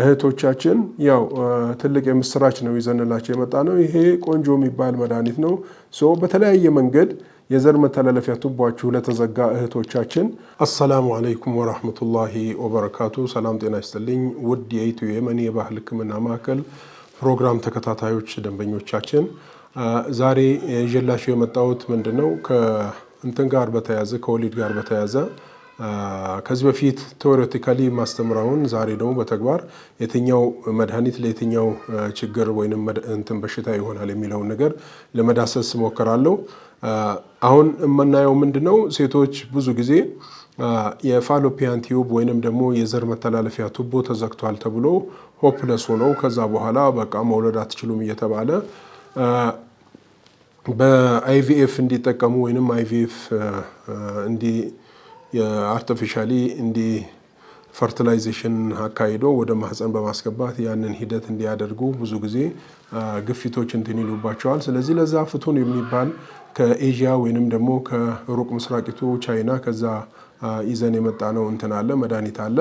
እህቶቻችን ያው ትልቅ የምስራች ነው ይዘንላቸው የመጣ ነው። ይሄ ቆንጆ የሚባል መድኃኒት ነው። ሶ በተለያየ መንገድ የዘር መተላለፊያ ቱቧችሁ ለተዘጋ እህቶቻችን አሰላሙ አለይኩም ወራህመቱላሂ ወበረካቱ። ሰላም ጤና ይስጥልኝ ውድ የኢትዮ የመን የባህል ሕክምና ማዕከል ፕሮግራም ተከታታዮች ደንበኞቻችን፣ ዛሬ ይዤላቸው የመጣሁት ምንድን ነው ከእንትን ጋር በተያያዘ ከወሊድ ጋር በተያያዘ ከዚህ በፊት ቴዎሬቲካሊ ማስተምረውን ዛሬ ደግሞ በተግባር የትኛው መድኃኒት ለየትኛው ችግር ወይም እንትን በሽታ ይሆናል የሚለውን ነገር ለመዳሰስ እሞክራለሁ። አሁን የምናየው ምንድን ነው? ሴቶች ብዙ ጊዜ የፋሎፒያን ቲዩብ ወይንም ደግሞ የዘር መተላለፊያ ቱቦ ተዘግቷል ተብሎ ሆፕለስ ሆነው ከዛ በኋላ በቃ መውለድ አትችሉም እየተባለ በአይቪኤፍ እንዲጠቀሙ ወይንም አይቪኤፍ እንዲ የአርቲፊሻሊ እንዲ ፈርቲላይዜሽን አካሂዶ ወደ ማህፀን በማስገባት ያንን ሂደት እንዲያደርጉ ብዙ ጊዜ ግፊቶች እንትን ይሉባቸዋል። ስለዚህ ለዛ ፍቱን የሚባል ከኤዥያ ወይንም ደግሞ ከሩቅ ምስራቂቱ ቻይና ከዛ ይዘን የመጣ ነው እንትን አለ መድኃኒት አለ።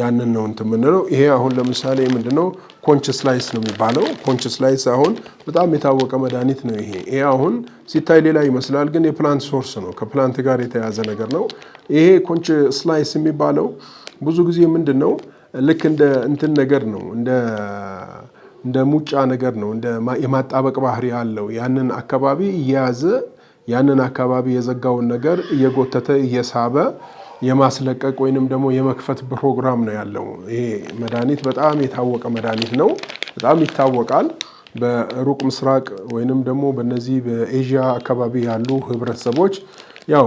ያንን ነው እንትን የምንለው። ይሄ አሁን ለምሳሌ ምንድነው ኮንች ላይስ ነው የሚባለው። ኮንች ላይስ አሁን በጣም የታወቀ መድኃኒት ነው። ይሄ ይሄ አሁን ሲታይ ሌላ ይመስላል፣ ግን የፕላንት ሶርስ ነው። ከፕላንት ጋር የተያዘ ነገር ነው። ይሄ ኮንች ስላይስ የሚባለው ብዙ ጊዜ ምንድን ነው ልክ እንደ እንትን ነገር ነው እንደ እንደ ሙጫ ነገር ነው። እንደ የማጣበቅ ባህሪ አለው። ያንን አካባቢ እየያዘ ያንን አካባቢ የዘጋውን ነገር እየጎተተ እየሳበ የማስለቀቅ ወይንም ደግሞ የመክፈት ፕሮግራም ነው ያለው። ይሄ መድኃኒት በጣም የታወቀ መድኃኒት ነው፣ በጣም ይታወቃል። በሩቅ ምስራቅ ወይንም ደግሞ በነዚህ በኤዥያ አካባቢ ያሉ ህብረተሰቦች ያው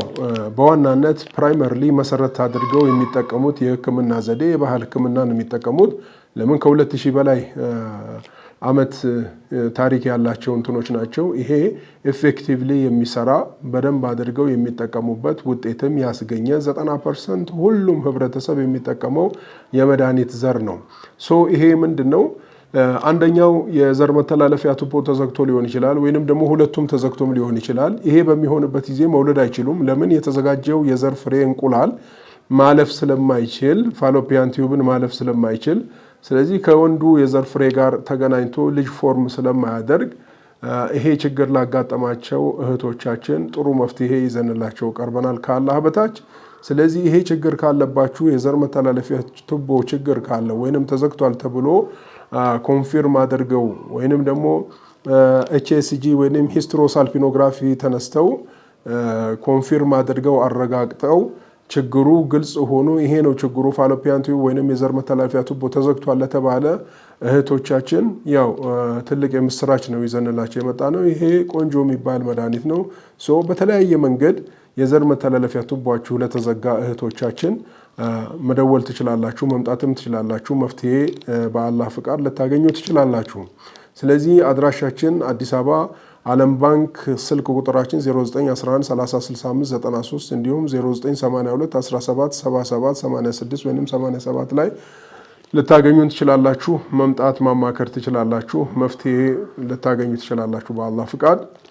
በዋናነት ፕራይመርሊ መሰረት አድርገው የሚጠቀሙት የህክምና ዘዴ የባህል ህክምና ነው የሚጠቀሙት። ለምን ከሁለት ሺህ በላይ ዓመት ታሪክ ያላቸው እንትኖች ናቸው። ይሄ ኤፌክቲቭሊ የሚሰራ በደንብ አድርገው የሚጠቀሙበት ውጤትም ያስገኘ ዘጠና ፐርሰንት ሁሉም ህብረተሰብ የሚጠቀመው የመድኃኒት ዘር ነው። ሶ ይሄ ምንድን ነው? አንደኛው የዘር መተላለፊያ ቱቦ ተዘግቶ ሊሆን ይችላል፣ ወይንም ደግሞ ሁለቱም ተዘግቶም ሊሆን ይችላል። ይሄ በሚሆንበት ጊዜ መውለድ አይችሉም። ለምን? የተዘጋጀው የዘር ፍሬ እንቁላል ማለፍ ስለማይችል ፋሎፒያን ቲዩብን ማለፍ ስለማይችል ስለዚህ ከወንዱ የዘር ፍሬ ጋር ተገናኝቶ ልጅ ፎርም ስለማያደርግ ይሄ ችግር ላጋጠማቸው እህቶቻችን ጥሩ መፍትሄ ይዘንላቸው ቀርበናል ከአላህ በታች። ስለዚህ ይሄ ችግር ካለባችሁ የዘር መተላለፊያ ቱቦ ችግር ካለ ወይንም ተዘግቷል ተብሎ ኮንፊርም አድርገው ወይንም ደግሞ ኤችኤስጂ ወይንም ሂስትሮሳልፒኖግራፊ ተነስተው ኮንፊርም አድርገው አረጋግጠው ችግሩ ግልጽ ሆኖ ይሄ ነው ችግሩ ፋሎፒያን ቲዩብ ወይንም የዘር መተላለፊያ ቱቦ ተዘግቷል ለተባለ እህቶቻችን ያው ትልቅ የምስራች ነው ይዘንላቸው የመጣ ነው። ይሄ ቆንጆ የሚባል መድኃኒት ነው። ሶ በተለያየ መንገድ የዘር መተላለፊያ ቱቧችሁ ለተዘጋ እህቶቻችን መደወል ትችላላችሁ፣ መምጣትም ትችላላችሁ። መፍትሄ በአላህ ፍቃድ ልታገኙ ትችላላችሁ። ስለዚህ አድራሻችን አዲስ አበባ ዓለም ባንክ ስልክ ቁጥራችን 0911306593 እንዲሁም 0982177786 ወይም 87 ላይ ልታገኙን ትችላላችሁ። መምጣት ማማከር ትችላላችሁ። መፍትሄ ልታገኙ ትችላላችሁ በአላህ ፍቃድ።